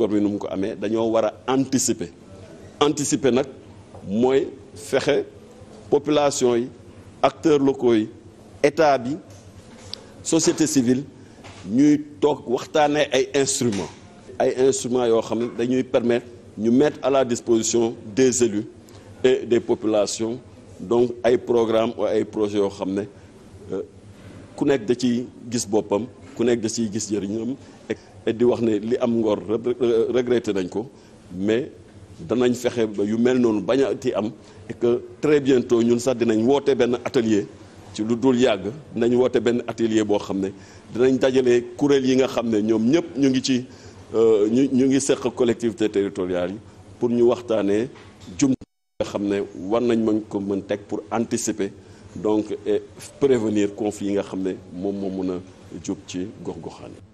jàngor bi nu mu ko amee dañoo war a anticiper anticiper nag mooy fexe population yi acteurs locaux yi état bi société civile ñuy toog waxtaanee ay instruments. ay instruments yoo xam ne dañuy permettre ñu mettre à la disposition des élus et des populations donc ay programmes ou ay projets yoo xam ne. Euh, ku nekk da ciy gis boppam ku nekk da ciy gis jëriñam et di wax ne li am ngor regretté nañ ko mais danañ fexe ba yu mel noonu bañ a am et que très bientôt ñun sax dinañ woote benn atelier ci lu dul yàgg dinañ woote benn atelier boo xam ne dinañ dajale kuréel yi nga xam ne ñoom ñëpp ñu ngi ci euh, ñu ñu ngi seq collectivité territoriale yi pour ñu waxtaanee jum nga xam ne war nañ mën ko mën teg pour anticiper donc et prévenir conflit yi nga xam ne moom moo mën a jóg ci gox goxaan